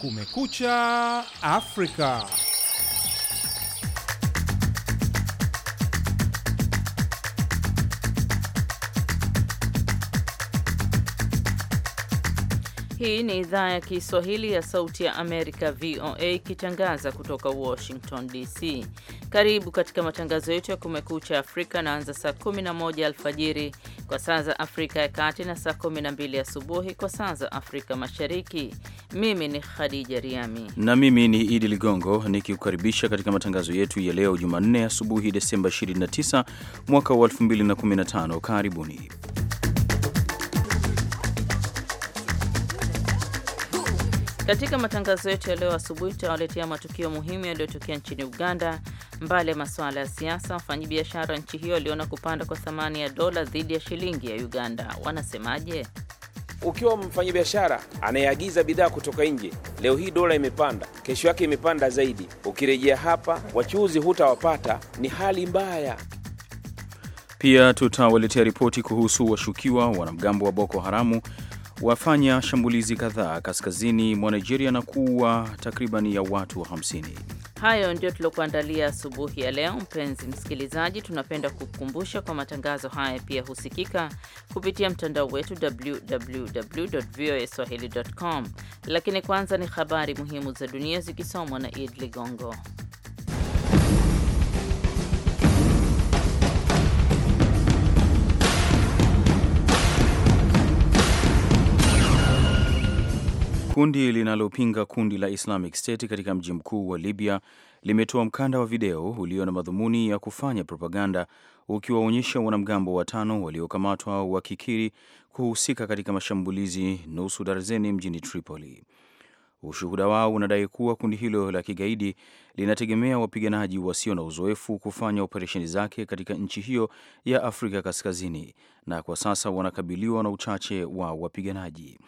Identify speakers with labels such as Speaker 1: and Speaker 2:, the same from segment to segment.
Speaker 1: Kumekucha
Speaker 2: Afrika.
Speaker 3: Hii ni idhaa ya Kiswahili ya Sauti ya Amerika, VOA, ikitangaza kutoka Washington DC. Karibu katika matangazo yetu ya Kumekucha Afrika naanza saa 11 alfajiri kwa saa za Afrika ya Kati na saa 12 asubuhi kwa saa za Afrika Mashariki. Mimi ni Khadija Riami
Speaker 4: na mimi ni Idi Ligongo nikikukaribisha katika matangazo yetu ya leo Jumanne asubuhi Desemba 29 mwaka wa 2015. Karibuni.
Speaker 3: Katika matangazo yetu ya leo asubuhi tutawaletea matukio muhimu yaliyotokea nchini Uganda Mbali ya masuala ya siasa, wafanyabiashara nchi hiyo waliona kupanda kwa thamani ya dola dhidi ya shilingi ya Uganda. Wanasemaje?
Speaker 5: Ukiwa mfanyabiashara anayeagiza bidhaa kutoka nje, leo hii dola imepanda, kesho
Speaker 2: yake imepanda zaidi, ukirejea hapa wachuuzi hutawapata. Ni hali mbaya.
Speaker 4: Pia tutawaletea ripoti kuhusu washukiwa wanamgambo wa Boko Haramu wafanya shambulizi kadhaa kaskazini mwa Nigeria na kuua takribani ya watu 50.
Speaker 3: Hayo ndio tuliokuandalia asubuhi ya leo. Mpenzi msikilizaji, tunapenda kukukumbusha kwa matangazo haya pia husikika kupitia mtandao wetu www.voaswahili.com. Lakini kwanza ni habari muhimu za dunia zikisomwa na Id Ligongo.
Speaker 4: Kundi linalopinga kundi la Islamic State katika mji mkuu wa Libya limetoa mkanda wa video ulio na madhumuni ya kufanya propaganda ukiwaonyesha wanamgambo watano waliokamatwa wakikiri kuhusika katika mashambulizi nusu darzeni mjini Tripoli. Ushuhuda wao unadai kuwa kundi hilo la kigaidi linategemea wapiganaji wasio na uzoefu kufanya operesheni zake katika nchi hiyo ya Afrika Kaskazini, na kwa sasa wanakabiliwa na uchache wa wapiganaji.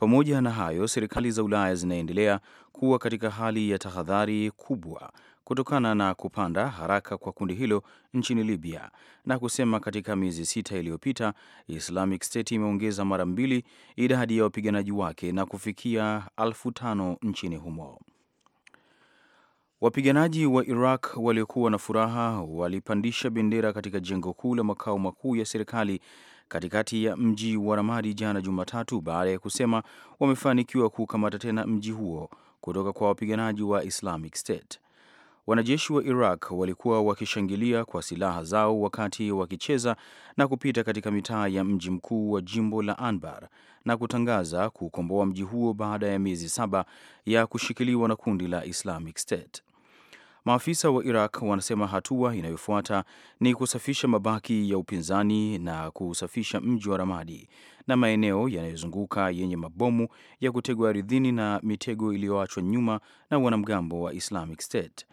Speaker 4: Pamoja na hayo, serikali za Ulaya zinaendelea kuwa katika hali ya tahadhari kubwa kutokana na kupanda haraka kwa kundi hilo nchini Libya na kusema katika miezi sita iliyopita Islamic State imeongeza mara mbili idadi ya wapiganaji wake na kufikia elfu tano nchini humo. Wapiganaji wa Iraq waliokuwa na furaha walipandisha bendera katika jengo kuu la makao makuu ya serikali katikati ya mji wa Ramadi jana Jumatatu baada ya kusema wamefanikiwa kukamata tena mji huo kutoka kwa wapiganaji wa Islamic State. Wanajeshi wa Iraq walikuwa wakishangilia kwa silaha zao wakati wakicheza na kupita katika mitaa ya mji mkuu wa jimbo la Anbar na kutangaza kukomboa mji huo baada ya miezi saba ya kushikiliwa na kundi la Islamic State. Maafisa wa Iraq wanasema hatua inayofuata ni kusafisha mabaki ya upinzani na kusafisha mji wa Ramadi na maeneo yanayozunguka yenye mabomu ya kutegwa ardhini na mitego iliyoachwa nyuma na wanamgambo wa Islamic State.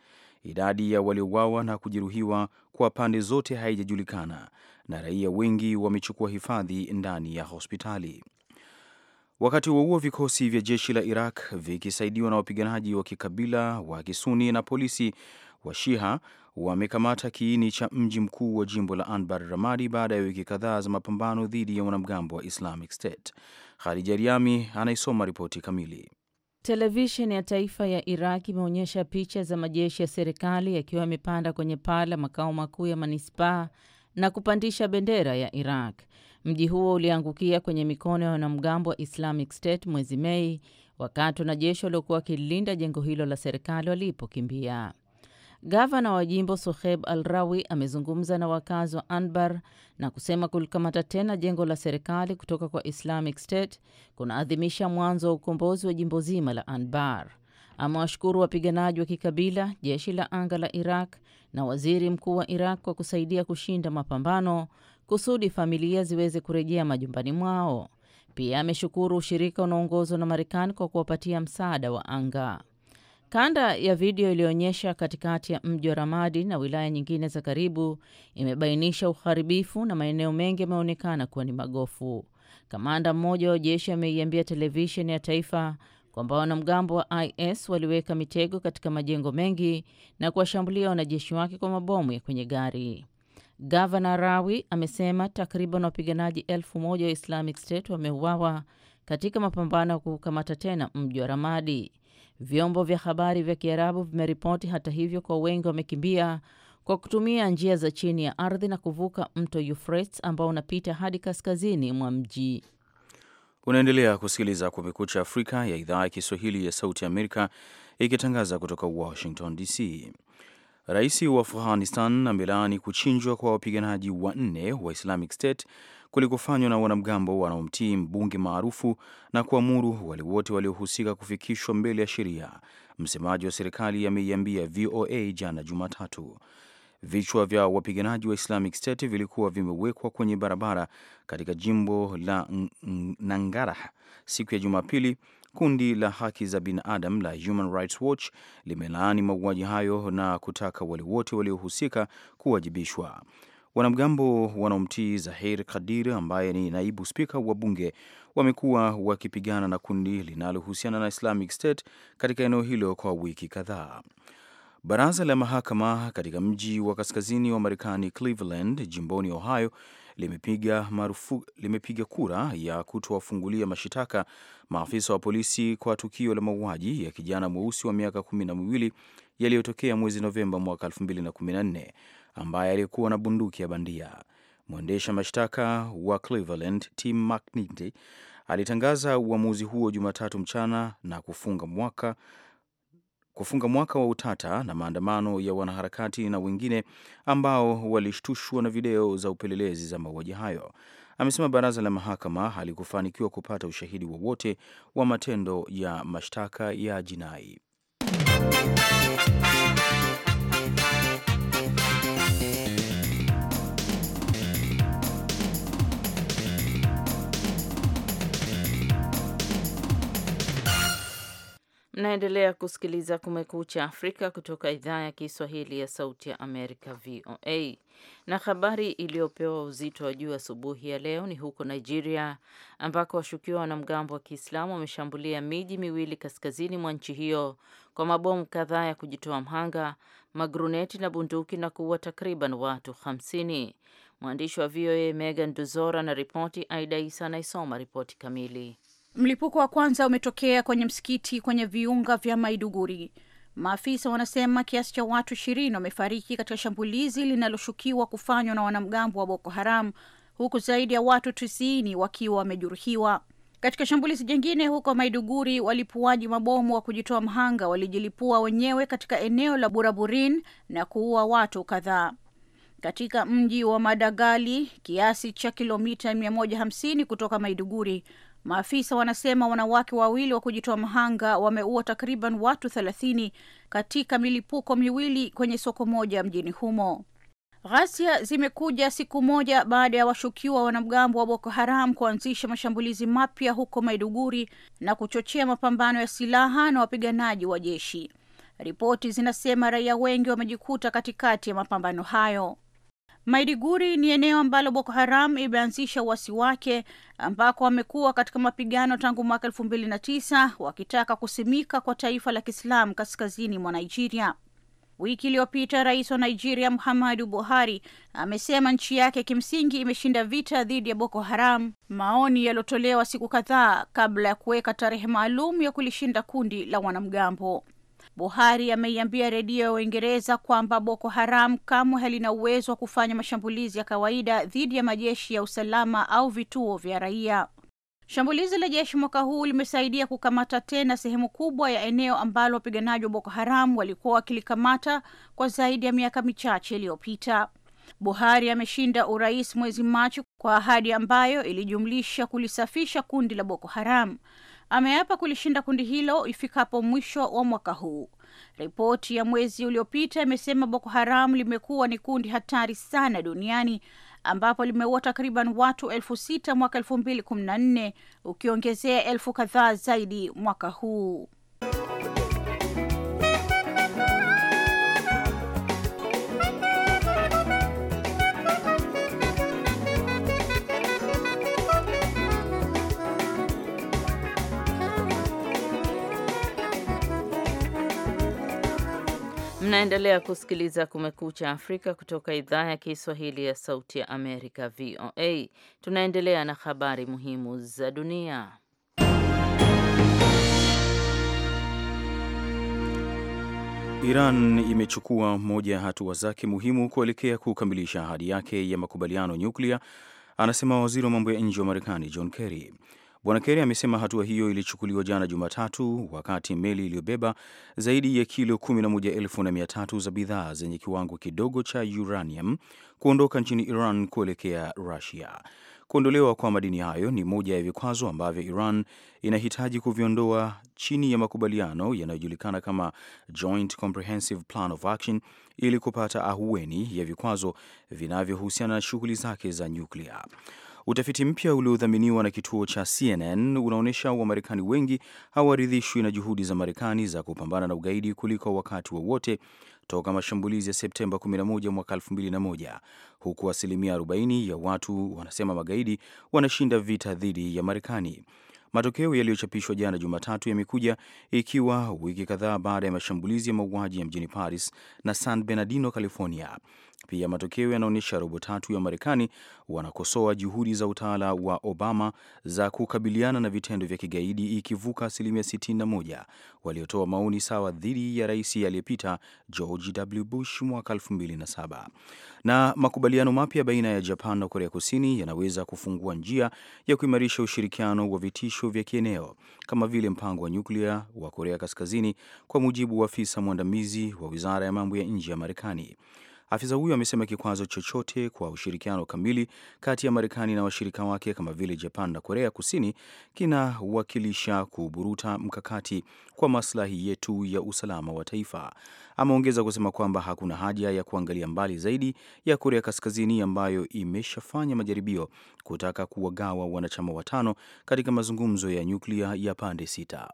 Speaker 4: Idadi ya waliouawa na kujeruhiwa kwa pande zote haijajulikana na raia wengi wamechukua hifadhi ndani ya hospitali. Wakati huo huo, vikosi vya jeshi la Iraq vikisaidiwa na wapiganaji wa kikabila wa Kisuni na polisi wa Shiha wamekamata kiini cha mji mkuu wa jimbo la Anbar Ramadi baada ya wiki kadhaa za mapambano dhidi ya wanamgambo wa Islamic State. Khadija Riami anaisoma ripoti kamili.
Speaker 3: Televisheni ya taifa ya Iraq imeonyesha picha za majeshi ya serikali yakiwa yamepanda kwenye paa la makao makuu ya manispaa na kupandisha bendera ya Iraq. Mji huo uliangukia kwenye mikono ya wanamgambo wa Islamic State mwezi Mei, wakati wanajeshi waliokuwa wakilinda jengo hilo la serikali walipokimbia. Gavana wa jimbo Soheb rawi amezungumza na wakazi wa Anbar na kusema kulikamata tena jengo la serikali kutoka kwa Islamic State kunaadhimisha mwanzo wa ukombozi wa jimbo zima la Anbar. Amewashukuru wapiganaji wa kikabila, jeshi la anga la Iraq na waziri mkuu wa Iraq kwa kusaidia kushinda mapambano kusudi familia ziweze kurejea majumbani mwao. Pia ameshukuru ushirika unaoongozwa na Marekani kwa kuwapatia msaada wa anga. Kanda ya video iliyoonyesha katikati ya mji wa Ramadi na wilaya nyingine za karibu imebainisha uharibifu na maeneo mengi yameonekana kuwa ni magofu. Kamanda mmoja wa jeshi ameiambia televisheni ya taifa kwamba wanamgambo wa IS waliweka mitego katika majengo mengi na kuwashambulia wanajeshi wake kwa mabomu ya kwenye gari. Gavana Rawi amesema takriban wapiganaji elfu moja wa Islamic State wameuawa katika mapambano ya kukamata tena mji wa Ramadi. Vyombo vya habari vya Kiarabu vimeripoti hata hivyo, kwa wengi wamekimbia kwa kutumia njia za chini ya ardhi na kuvuka mto Euphrates ambao unapita hadi kaskazini mwa mji.
Speaker 4: Unaendelea kusikiliza Kumekucha Afrika ya idhaa ya Kiswahili ya Sauti Amerika ikitangaza kutoka Washington DC. Rais wa Afghanistan amelaani kuchinjwa kwa wapiganaji wanne wa Islamic State kulikofanywa na wanamgambo wanaomtii mbunge maarufu na kuamuru wale wote waliohusika kufikishwa mbele ya sheria. Msemaji wa serikali ameiambia VOA jana Jumatatu vichwa vya wapiganaji wa Islamic State vilikuwa vimewekwa kwenye barabara katika jimbo la nangarah siku ya Jumapili Kundi la haki za binadamu la Human Rights Watch limelaani mauaji hayo na kutaka wale wote waliohusika kuwajibishwa. Wanamgambo wanaomtii Zahir Kadir ambaye ni naibu spika wa bunge wamekuwa wakipigana na kundi linalohusiana na Islamic State katika eneo hilo kwa wiki kadhaa. Baraza la mahakama katika mji wa kaskazini wa Marekani Cleveland, jimboni Ohio limepiga marufu, limepiga kura ya kutowafungulia mashitaka maafisa wa polisi kwa tukio la mauaji ya kijana mweusi wa miaka kumi na miwili yaliyotokea mwezi Novemba mwaka 2014 ambaye alikuwa na bunduki ya bandia. Mwendesha mashtaka wa Cleveland Tim McNitti alitangaza uamuzi huo Jumatatu mchana na kufunga mwaka kufunga mwaka wa utata na maandamano ya wanaharakati na wengine ambao walishtushwa na video za upelelezi za mauaji hayo. Amesema baraza la mahakama halikufanikiwa kupata ushahidi wowote wa, wa matendo ya mashtaka ya jinai.
Speaker 3: Mnaendelea kusikiliza Kumekucha Afrika kutoka idhaa ya Kiswahili ya Sauti ya Amerika, VOA. Na habari iliyopewa uzito wa juu asubuhi ya leo ni huko Nigeria, ambako washukiwa wanamgambo wa Kiislamu wameshambulia miji miwili kaskazini mwa nchi hiyo kwa mabomu kadhaa ya kujitoa mhanga, magruneti na bunduki na kuua takriban watu 50. Mwandishi wa VOA Megan Duzora na ripoti. Aida Isa anaisoma ripoti kamili.
Speaker 6: Mlipuko wa kwanza umetokea kwenye msikiti kwenye viunga vya Maiduguri. Maafisa wanasema kiasi cha watu ishirini wamefariki katika shambulizi linaloshukiwa kufanywa na wanamgambo wa Boko Haram, huku zaidi ya watu tisini wakiwa wamejeruhiwa. Katika shambulizi jingine huko Maiduguri, walipuaji mabomu wa kujitoa mhanga walijilipua wenyewe katika eneo la Buraburin na kuua watu kadhaa. Katika mji wa Madagali, kiasi cha kilomita 150 kutoka Maiduguri, Maafisa wanasema wanawake wawili wa kujitoa mhanga wameua takriban watu thelathini katika milipuko miwili kwenye soko moja mjini humo. Ghasia zimekuja siku moja baada ya washukiwa wanamgambo wa Boko Haram kuanzisha mashambulizi mapya huko Maiduguri na kuchochea mapambano ya silaha na wapiganaji wa jeshi. Ripoti zinasema raia wengi wamejikuta katikati ya mapambano hayo. Maiduguri ni eneo ambalo Boko Haram imeanzisha uasi wake ambako wamekuwa katika mapigano tangu mwaka elfu mbili na tisa wakitaka kusimika kwa taifa la Kiislamu kaskazini mwa Nigeria. Wiki iliyopita rais wa Nigeria Muhammadu Buhari amesema nchi yake kimsingi imeshinda vita dhidi ya Boko Haram, maoni yaliyotolewa siku kadhaa kabla ya kuweka tarehe maalum ya kulishinda kundi la wanamgambo. Buhari ameiambia redio ya Uingereza kwamba Boko Haram kamwe halina uwezo wa kufanya mashambulizi ya kawaida dhidi ya majeshi ya usalama au vituo vya raia. Shambulizi la jeshi mwaka huu limesaidia kukamata tena sehemu kubwa ya eneo ambalo wapiganaji wa Boko Haram walikuwa wakilikamata kwa zaidi ya miaka michache iliyopita. Buhari ameshinda urais mwezi Machi kwa ahadi ambayo ilijumlisha kulisafisha kundi la Boko Haram ameapa kulishinda kundi hilo ifikapo mwisho wa mwaka huu. Ripoti ya mwezi uliopita imesema Boko Haram limekuwa ni kundi hatari sana duniani ambapo limeua takriban watu elfu sita mwaka elfu mbili kumi na nne ukiongezea elfu kadhaa zaidi mwaka huu.
Speaker 3: Mnaendelea kusikiliza Kumekucha Afrika kutoka idhaa ya Kiswahili ya Sauti ya Amerika, VOA. Tunaendelea na habari muhimu za dunia.
Speaker 4: Iran imechukua moja ya hatua zake muhimu kuelekea kukamilisha ahadi yake ya makubaliano nyuklia, anasema waziri wa mambo ya nje wa Marekani John Kerry. Bwana Kerry amesema hatua hiyo ilichukuliwa jana Jumatatu, wakati meli iliyobeba zaidi ya kilo 11,300 za bidhaa zenye kiwango kidogo cha uranium kuondoka nchini Iran kuelekea Russia. Kuondolewa kwa madini hayo ni moja ya vikwazo ambavyo Iran inahitaji kuviondoa chini ya makubaliano yanayojulikana kama Joint Comprehensive Plan of Action ili kupata ahueni ya vikwazo vinavyohusiana na shughuli zake za nyuklia. Utafiti mpya uliodhaminiwa na kituo cha CNN unaonyesha Wamarekani wengi hawaridhishwi na juhudi za Marekani za kupambana na ugaidi kuliko wakati wowote wa toka mashambulizi ya Septemba 11 mwaka 2001, huku asilimia 40 ya watu wanasema magaidi wanashinda vita dhidi ya Marekani. Matokeo yaliyochapishwa jana Jumatatu yamekuja ikiwa wiki kadhaa baada ya mashambulizi ya mauaji ya mjini Paris na San Bernardino, California. Pia matokeo yanaonyesha robo tatu ya Marekani wanakosoa juhudi za utawala wa Obama za kukabiliana na vitendo vya kigaidi, ikivuka asilimia 61 waliotoa maoni sawa dhidi ya rais aliyepita George W. Bush mwaka 2007. Na makubaliano mapya baina ya Japan na Korea Kusini yanaweza kufungua njia ya kuimarisha ushirikiano wa vitisho vya kieneo kama vile mpango wa nyuklia wa Korea Kaskazini, kwa mujibu wa afisa mwandamizi wa wizara ya mambo ya nje ya Marekani. Afisa huyo amesema kikwazo chochote kwa ushirikiano kamili kati ya Marekani na washirika wake kama vile Japan na Korea Kusini kinawakilisha kuburuta mkakati kwa maslahi yetu ya usalama wa taifa. Ameongeza kusema kwamba hakuna haja ya kuangalia mbali zaidi ya Korea Kaskazini ambayo imeshafanya majaribio kutaka kuwagawa wanachama watano katika mazungumzo ya nyuklia ya pande sita.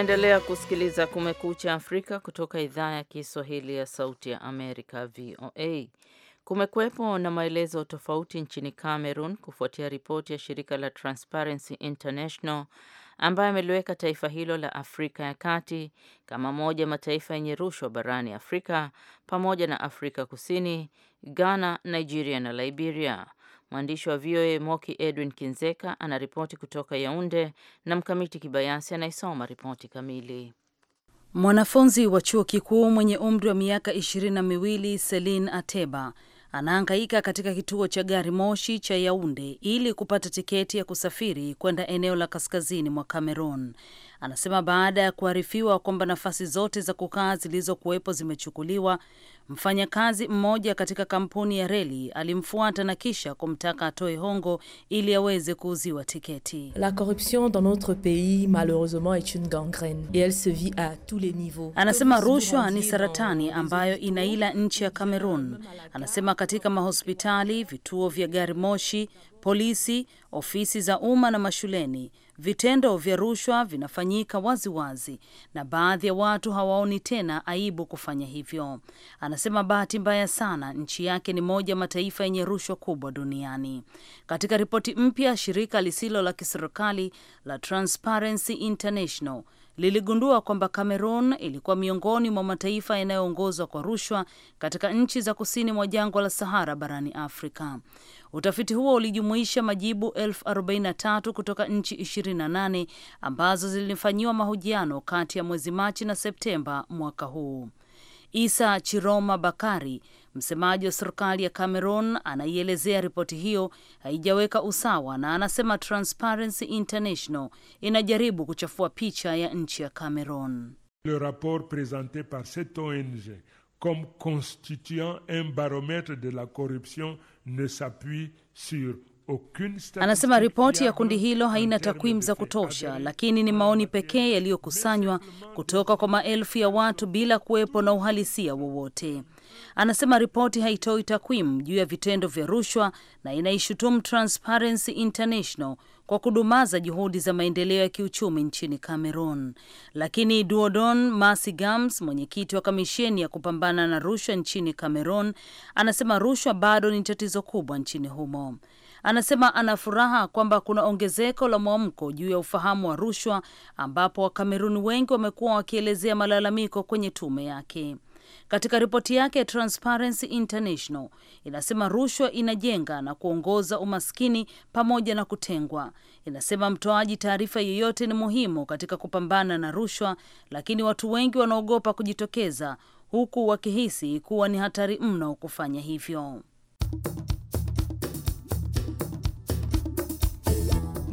Speaker 3: Unaendelea kusikiliza Kumekucha Afrika kutoka idhaa ya Kiswahili ya Sauti ya Amerika, VOA. Kumekuwepo na maelezo tofauti nchini Cameroon kufuatia ripoti ya shirika la Transparency International ambayo ameliweka taifa hilo la Afrika ya Kati kama moja mataifa yenye rushwa barani Afrika pamoja na Afrika Kusini, Ghana, Nigeria na Liberia. Mwandishi wa VOA Moki Edwin Kinzeka anaripoti kutoka Yaunde na Mkamiti Kibayasi anayesoma ripoti kamili.
Speaker 1: Mwanafunzi wa chuo kikuu mwenye umri wa miaka ishirini na miwili Selin Ateba anaangaika katika kituo cha gari moshi cha Yaunde ili kupata tiketi ya kusafiri kwenda eneo la kaskazini mwa Cameroon. Anasema baada ya kuarifiwa kwamba nafasi zote za kukaa zilizokuwepo zimechukuliwa, mfanyakazi mmoja katika kampuni ya reli alimfuata na kisha kumtaka atoe hongo ili aweze kuuziwa tiketi.
Speaker 3: La corruption dans notre pays malheureusement est une gangrene et elle se vit à tous
Speaker 1: les niveaux. Anasema rushwa ni saratani ambayo inaila nchi ya Cameroon. Anasema katika mahospitali, vituo vya gari moshi, polisi, ofisi za umma na mashuleni Vitendo vya rushwa vinafanyika waziwazi wazi, na baadhi ya watu hawaoni tena aibu kufanya hivyo. Anasema bahati mbaya sana nchi yake ni moja mataifa yenye rushwa kubwa duniani. Katika ripoti mpya, shirika lisilo la kiserikali la Transparency International liligundua kwamba Cameroon ilikuwa miongoni mwa mataifa yanayoongozwa kwa rushwa katika nchi za kusini mwa jangwa la Sahara barani Afrika. Utafiti huo ulijumuisha majibu 43 kutoka nchi 28 ambazo zilifanyiwa mahojiano kati ya mwezi Machi na Septemba mwaka huu. Isa Chiroma Bakari, msemaji wa serikali ya Cameroon, anaielezea ripoti hiyo haijaweka usawa na anasema Transparency International inajaribu kuchafua picha ya nchi ya Cameroon.
Speaker 2: Le rapport presente par cette ONG comme constituant un baromètre de la corruption ne s'appuie sur Anasema ripoti ya kundi
Speaker 1: hilo haina takwimu za kutosha, lakini ni maoni pekee yaliyokusanywa kutoka kwa maelfu ya watu bila kuwepo na uhalisia wowote. Anasema ripoti haitoi takwimu juu ya vitendo vya rushwa na inaishutumu Transparency International kwa kudumaza juhudi za maendeleo ya kiuchumi nchini Cameroon. Lakini Duodon Masi Gams, mwenyekiti wa kamisheni ya kupambana na rushwa nchini Cameroon, anasema rushwa bado ni tatizo kubwa nchini humo. Anasema ana furaha kwamba kuna ongezeko la mwamko juu ya ufahamu wa rushwa, ambapo Wakameruni wengi wamekuwa wakielezea malalamiko kwenye tume yake. Katika ripoti yake Transparency International inasema rushwa inajenga na kuongoza umaskini pamoja na kutengwa. Inasema mtoaji taarifa yeyote ni muhimu katika kupambana na rushwa, lakini watu wengi wanaogopa kujitokeza, huku wakihisi kuwa ni hatari mno kufanya hivyo.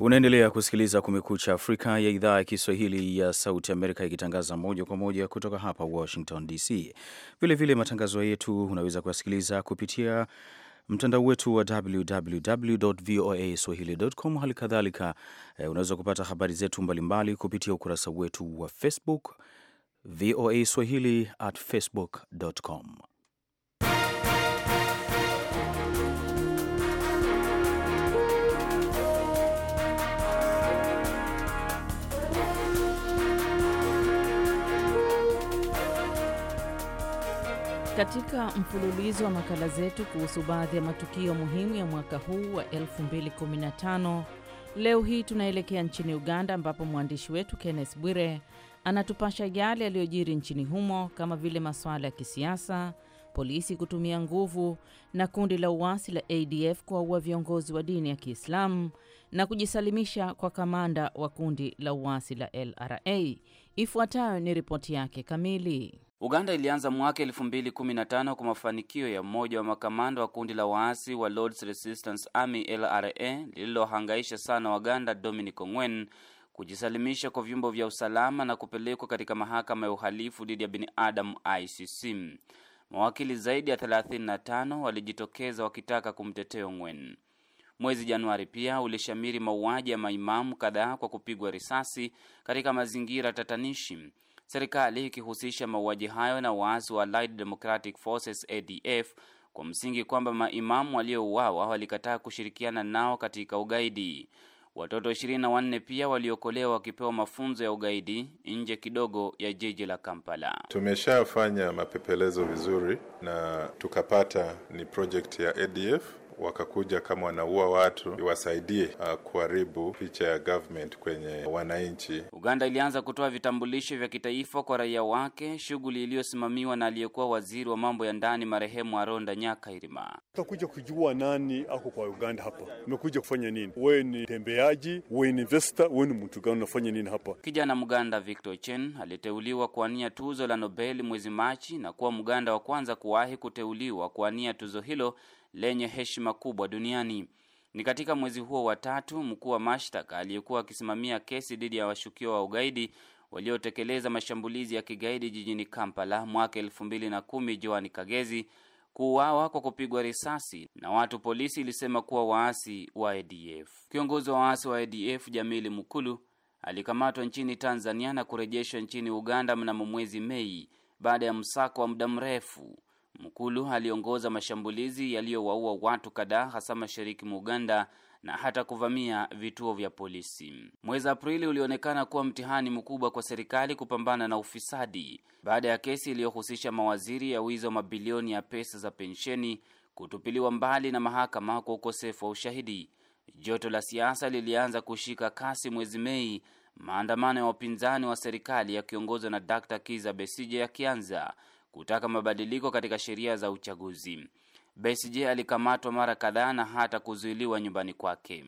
Speaker 4: Unaendelea kusikiliza Kumekucha Afrika ya idhaa ya Kiswahili ya Sauti Amerika, ikitangaza moja kwa moja kutoka hapa Washington DC. Vilevile matangazo yetu unaweza kuyasikiliza kupitia mtandao wetu wa www voa swahili.com. Hali kadhalika eh, unaweza kupata habari zetu mbalimbali kupitia ukurasa wetu wa Facebook, VOA Swahili at com
Speaker 3: Katika mfululizo wa makala zetu kuhusu baadhi ya matukio muhimu ya mwaka huu wa 2015, leo hii tunaelekea nchini Uganda ambapo mwandishi wetu Kenneth Bwire anatupasha yale yaliyojiri nchini humo kama vile masuala ya kisiasa, polisi kutumia nguvu na kundi la uasi la ADF kuwaua viongozi wa dini ya Kiislamu na kujisalimisha kwa kamanda wa kundi la uasi la LRA. Ifuatayo ni ripoti yake kamili.
Speaker 2: Uganda ilianza mwaka 2015 kwa mafanikio ya mmoja wa makamanda wa kundi la waasi wa Lords Resistance Army LRA lililohangaisha sana Waganda, Dominic Ongwen kujisalimisha kwa vyombo vya usalama na kupelekwa katika mahakama ya uhalifu dhidi ya binadamu ICC. Mawakili zaidi ya 35 walijitokeza wakitaka kumtetea Ongwen. Mwezi Januari pia ulishamiri mauaji ya maimamu kadhaa kwa kupigwa risasi katika mazingira tatanishi serikali ikihusisha mauaji hayo na waasi wa Allied Democratic Forces ADF kwa msingi kwamba maimamu waliouawa walikataa kushirikiana nao katika ugaidi. Watoto 24 pia waliokolewa wakipewa mafunzo ya ugaidi nje kidogo ya jiji la Kampala.
Speaker 1: Tumeshafanya mapepelezo vizuri na tukapata
Speaker 2: ni project ya
Speaker 1: ADF wakakuja kama wanaua watu iwasaidie uh, kuharibu picha ya government
Speaker 2: kwenye wananchi. Uganda ilianza kutoa vitambulisho vya kitaifa kwa raia wake, shughuli iliyosimamiwa na aliyekuwa waziri wa mambo ya ndani marehemu Aronda Nyakairima.
Speaker 4: Utakuja kujua nani ako kwa Uganda hapa, umekuja kufanya nini? Wewe ni tembeaji? Wewe ni investor? Wewe ni mtu gani? Unafanya nini hapa?
Speaker 2: Kijana Mganda Victor Chen aliteuliwa kuania tuzo la Nobel mwezi Machi na kuwa Mganda wa kwanza kuwahi kuteuliwa kuania tuzo hilo lenye heshima kubwa duniani. Ni katika mwezi huo wa tatu, mkuu wa mashtaka aliyekuwa akisimamia kesi dhidi ya washukiwa wa ugaidi waliotekeleza mashambulizi ya kigaidi jijini Kampala mwaka elfu mbili na kumi, Joan Kagezi kuuawa kwa kupigwa risasi na watu polisi ilisema kuwa waasi wa ADF. Kiongozi wa waasi wa ADF Jamili Mukulu alikamatwa nchini Tanzania na kurejeshwa nchini Uganda mnamo mwezi Mei baada ya msako wa muda mrefu. Mkulu aliongoza mashambulizi yaliyowaua watu kadhaa hasa mashariki mwa Uganda na hata kuvamia vituo vya polisi. Mwezi Aprili ulionekana kuwa mtihani mkubwa kwa serikali kupambana na ufisadi baada ya kesi iliyohusisha mawaziri ya wizi wa mabilioni ya pesa za pensheni kutupiliwa mbali na mahakama kwa ukosefu wa ushahidi. Joto la siasa lilianza kushika kasi mwezi Mei, maandamano ya wapinzani wa serikali yakiongozwa na Dr. Kiza Besije yakianza kutaka mabadiliko katika sheria za uchaguzi. Besigye alikamatwa mara kadhaa na hata kuzuiliwa nyumbani kwake.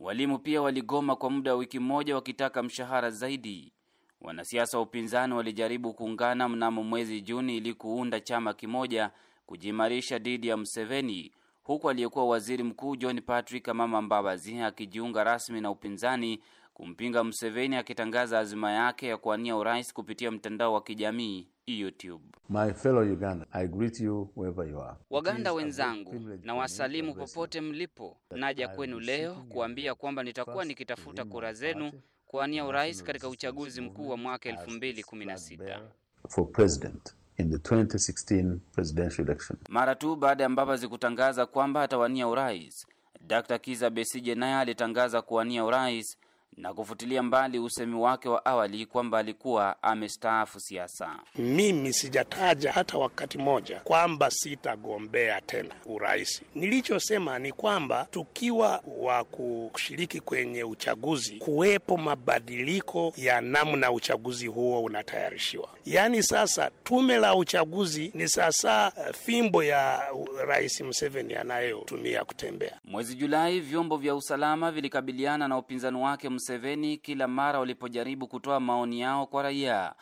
Speaker 2: Walimu pia waligoma kwa muda wa wiki moja wakitaka mshahara zaidi. Wanasiasa wa upinzani walijaribu kuungana mnamo mwezi Juni ili kuunda chama kimoja kujiimarisha dhidi ya mseveni huku aliyekuwa waziri mkuu John Patrick Amama Mbabazi akijiunga rasmi na upinzani kumpinga Museveni, akitangaza azima yake ya kuwania urais kupitia mtandao wa kijamii YouTube.
Speaker 4: My fellow Uganda, I greet you wherever you are.
Speaker 2: Waganda wenzangu, na wasalimu popote mlipo. Naja kwenu leo kuambia kwamba nitakuwa nikitafuta kura zenu kuwania urais katika uchaguzi mkuu wa mwaka 2016.
Speaker 4: For president in the 2016 presidential election.
Speaker 2: Mara tu baada ya Mbabazi kutangaza kwamba atawania urais, Dr. Kiza Besije naye alitangaza kuwania urais na kufutilia mbali usemi wake wa awali kwamba alikuwa amestaafu siasa.
Speaker 4: Mimi sijataja hata wakati moja kwamba sitagombea tena urais. Nilichosema ni kwamba tukiwa wa kushiriki kwenye uchaguzi, kuwepo mabadiliko ya namna uchaguzi huo unatayarishiwa. Yaani sasa tume la uchaguzi ni sasa eh, fimbo ya uh, Rais Museveni anayotumia kutembea.
Speaker 2: Mwezi Julai, vyombo vya usalama vilikabiliana na upinzani wake Museveni kila mara walipojaribu kutoa maoni yao kwa raia.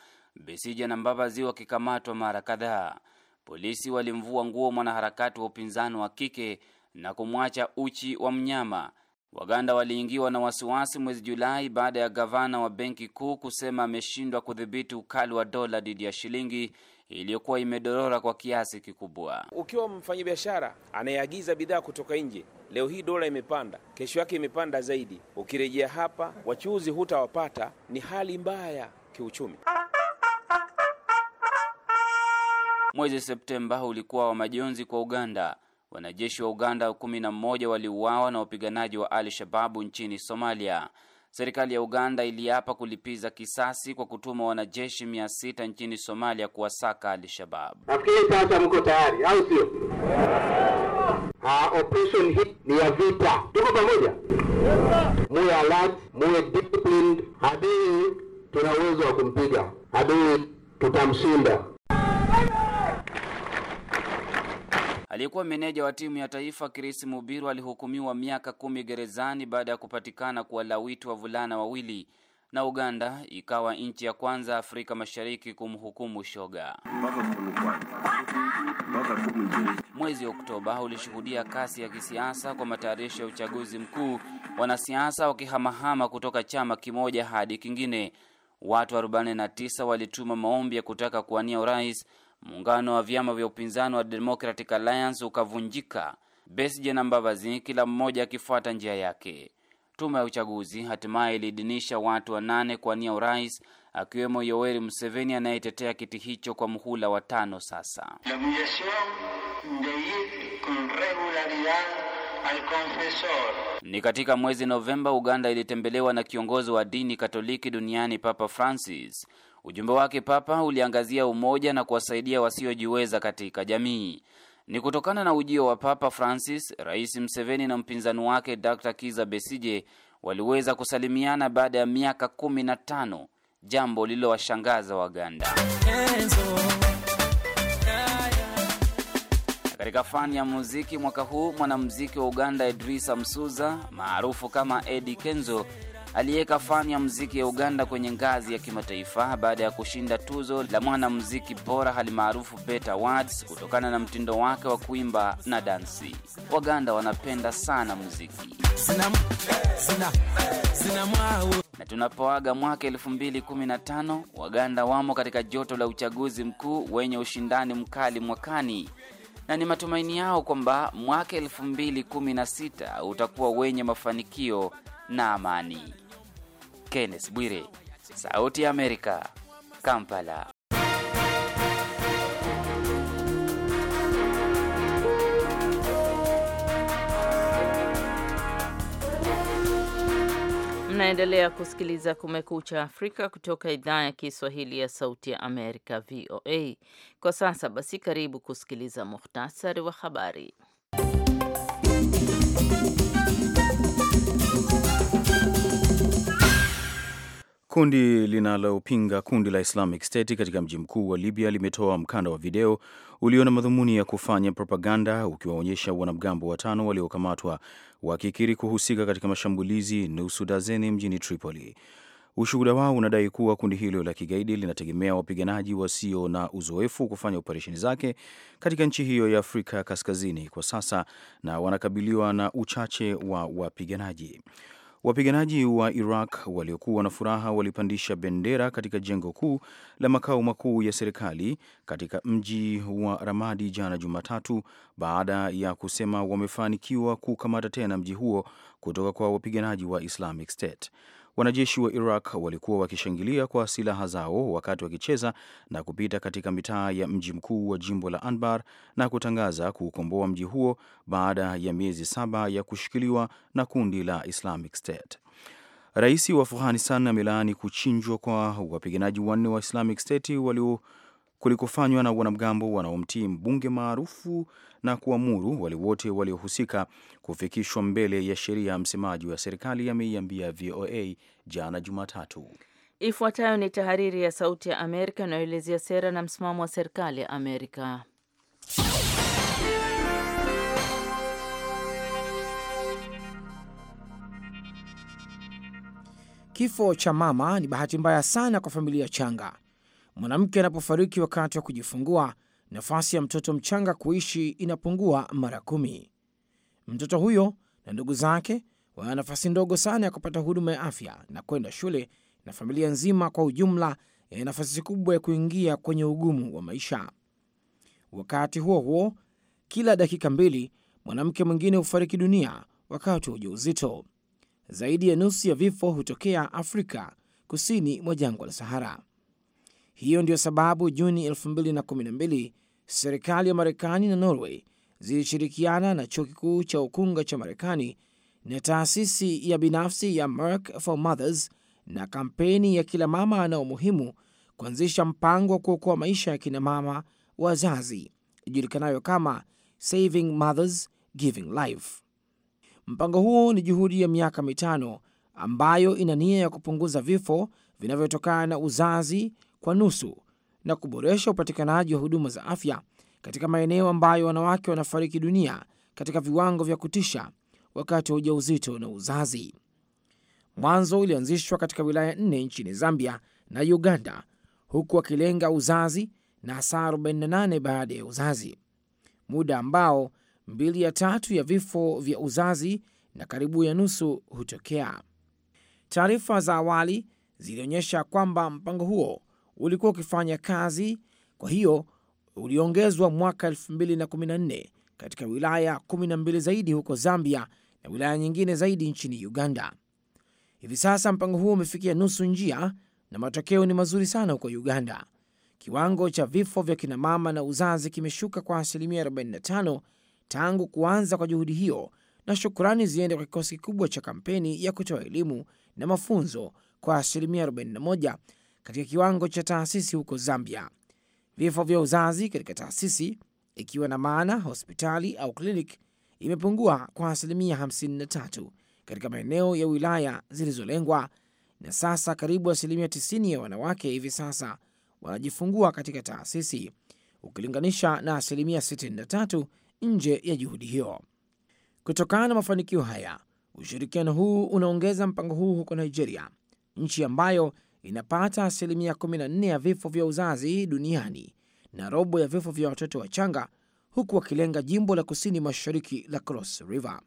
Speaker 2: Besija na Mbabazi wakikamatwa mara kadhaa. Polisi walimvua nguo mwanaharakati wa upinzani wa kike na kumwacha uchi wa mnyama. Waganda waliingiwa na wasiwasi mwezi Julai baada ya gavana wa benki kuu kusema ameshindwa kudhibiti ukali wa dola dhidi ya shilingi iliyokuwa imedorora kwa kiasi kikubwa. Ukiwa mfanyabiashara anayeagiza bidhaa kutoka nje, leo hii dola imepanda, kesho yake imepanda zaidi, ukirejea hapa wachuuzi hutawapata. Ni hali mbaya kiuchumi. Mwezi Septemba ulikuwa wa majonzi kwa Uganda. Wanajeshi wa Uganda kumi na mmoja waliuawa na wapiganaji wa Al Shababu nchini Somalia. Serikali ya Uganda iliapa kulipiza kisasi kwa kutuma wanajeshi mia sita nchini Somalia kuwasaka Al-Shabab. Nafikiri sasa mko tayari, au sio? operation hii ni ya vita. Tuko pamoja, muwe alert, muwe disciplined. Adui tuna uwezo wa kumpiga adui, tutamshinda. Aliyekuwa meneja wa timu ya taifa Chris Mubiru alihukumiwa miaka kumi gerezani baada ya kupatikana kuwalawiti vulana wawili na Uganda ikawa nchi ya kwanza Afrika Mashariki kumhukumu shoga. Mwezi Oktoba ulishuhudia kasi ya kisiasa kwa matayarisho ya uchaguzi mkuu, wanasiasa wakihamahama kutoka chama kimoja hadi kingine. Watu 49 walituma maombi ya kutaka kuwania urais muungano wa vyama vya upinzani wa Democratic Alliance ukavunjika, Besigye na Mbabazi kila mmoja akifuata njia yake. Tume ya uchaguzi hatimaye iliidhinisha watu wanane kuwania urais akiwemo Yoweri Museveni anayetetea kiti hicho kwa muhula wa tano sasa. Ni katika mwezi Novemba Uganda ilitembelewa na kiongozi wa dini Katoliki duniani Papa Francis Ujumbe wake Papa uliangazia umoja na kuwasaidia wasiojiweza katika jamii. Ni kutokana na ujio wa Papa Francis, Rais Mseveni na mpinzani wake Dr Kiza Besije waliweza kusalimiana baada ya miaka kumi na tano, jambo lililowashangaza Waganda. Katika fani ya muziki mwaka huu, mwanamuziki wa Uganda Idrisa Msuza maarufu kama Eddie Kenzo aliyeweka fani ya muziki ya Uganda kwenye ngazi ya kimataifa baada ya kushinda tuzo la mwanamuziki bora halimaarufu BET Awards kutokana na mtindo wake wa kuimba na dansi. Waganda wanapenda sana muziki na tunapoaga mwaka 2015 Waganda wamo katika joto la uchaguzi mkuu wenye ushindani mkali mwakani na ni matumaini yao kwamba mwaka 2016 utakuwa wenye mafanikio na amani. Kenneth Bwire, Sauti ya Amerika, Kampala.
Speaker 3: Mnaendelea kusikiliza Kumekucha Afrika kutoka idhaa ya Kiswahili ya Sauti ya Amerika, VOA. Kwa sasa basi, karibu kusikiliza muhtasari wa habari.
Speaker 4: Kundi linalopinga kundi la Islamic State katika mji mkuu wa Libya limetoa mkanda wa video ulio na madhumuni ya kufanya propaganda ukiwaonyesha wanamgambo watano waliokamatwa wakikiri kuhusika katika mashambulizi nusu dazeni mjini Tripoli. Ushuhuda wao unadai kuwa kundi hilo la kigaidi linategemea wapiganaji wasio na uzoefu kufanya operesheni zake katika nchi hiyo ya Afrika Kaskazini kwa sasa na wanakabiliwa na uchache wa wapiganaji. Wapiganaji wa Iraq waliokuwa na furaha walipandisha bendera katika jengo kuu la makao makuu ya serikali katika mji wa Ramadi jana Jumatatu, baada ya kusema wamefanikiwa kukamata tena mji huo kutoka kwa wapiganaji wa Islamic State. Wanajeshi wa Iraq walikuwa wakishangilia kwa silaha zao wakati wakicheza na kupita katika mitaa ya mji mkuu wa jimbo la Anbar na kutangaza kuukomboa mji huo baada ya miezi saba ya kushikiliwa na kundi la Islamic State. Rais wa Afghanistan amelaani kuchinjwa kwa wapiganaji wanne wa Islamic State walio kulikofanywa na wanamgambo wanaomtii mbunge maarufu na kuamuru wale wote waliohusika kufikishwa mbele ya sheria. Msemaji wa serikali ameiambia VOA jana Jumatatu.
Speaker 3: Ifuatayo ni tahariri ya Sauti ya Amerika inayoelezea sera na msimamo wa serikali ya Amerika.
Speaker 5: Kifo cha mama ni bahati mbaya sana kwa familia changa, mwanamke anapofariki wakati wa kujifungua, nafasi ya mtoto mchanga kuishi inapungua mara kumi. Mtoto huyo na ndugu zake wana nafasi ndogo sana ya kupata huduma ya afya na kwenda shule, na familia nzima kwa ujumla ina nafasi kubwa ya kuingia kwenye ugumu wa maisha. Wakati huo huo, kila dakika mbili mwanamke mwingine hufariki dunia wakati wa ujauzito. Zaidi ya nusu ya vifo hutokea Afrika kusini mwa jangwa la Sahara. Hiyo ndiyo sababu Juni 2012 serikali ya Marekani na Norway zilishirikiana na chuo kikuu cha ukunga cha Marekani na taasisi ya binafsi ya Merck for Mothers na kampeni ya kila mama ana umuhimu kuanzisha mpango wa kuokoa maisha ya kina mama wazazi ijulikanayo kama Saving Mothers Giving Life. Mpango huo ni juhudi ya miaka mitano ambayo ina nia ya kupunguza vifo vinavyotokana na uzazi kwa nusu na kuboresha upatikanaji wa huduma za afya katika maeneo ambayo wanawake wanafariki dunia katika viwango vya kutisha wakati wa ujauzito na uzazi. Mwanzo ulianzishwa katika wilaya nne nchini Zambia na Uganda, huku wakilenga uzazi na saa 48 baada ya uzazi, muda ambao mbili ya tatu ya vifo vya uzazi na karibu ya nusu hutokea. Taarifa za awali zilionyesha kwamba mpango huo ulikuwa ukifanya kazi, kwa hiyo uliongezwa mwaka 2014 katika wilaya 12 zaidi huko Zambia na wilaya nyingine zaidi nchini Uganda. Hivi sasa mpango huo umefikia nusu njia na matokeo ni mazuri sana huko Uganda. Kiwango cha vifo vya kinamama na uzazi kimeshuka kwa asilimia 45 tangu kuanza kwa juhudi hiyo, na shukrani ziende kwa kikosi kikubwa cha kampeni ya kutoa elimu na mafunzo kwa asilimia 41 katika kiwango cha taasisi huko Zambia. Vifo vya uzazi katika taasisi, ikiwa na maana hospitali au kliniki, imepungua kwa asilimia 53 katika maeneo ya wilaya zilizolengwa, na sasa karibu asilimia 90 ya wanawake hivi sasa wanajifungua katika taasisi ukilinganisha na asilimia 63 nje ya juhudi hiyo. Kutokana na mafanikio haya, ushirikiano huu unaongeza mpango huu huko Nigeria, nchi ambayo inapata asilimia 14 ya vifo vya uzazi duniani na robo ya vifo vya watoto wachanga, huku wakilenga jimbo la kusini mashariki la Cross River.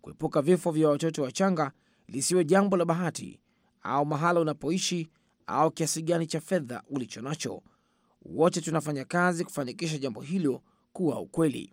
Speaker 5: Kuepuka vifo vya watoto wachanga lisiwe jambo la bahati au mahala unapoishi au kiasi gani cha fedha ulicho nacho. Wote tunafanya kazi kufanikisha jambo hilo kuwa ukweli.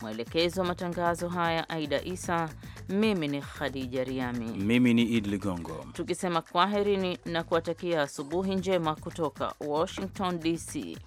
Speaker 3: Mwelekezi wa matangazo haya Aida Isa, mimi ni Khadija Riami,
Speaker 4: mimi ni Idi Ligongo,
Speaker 3: tukisema kwaherini na kuwatakia asubuhi njema kutoka Washington DC.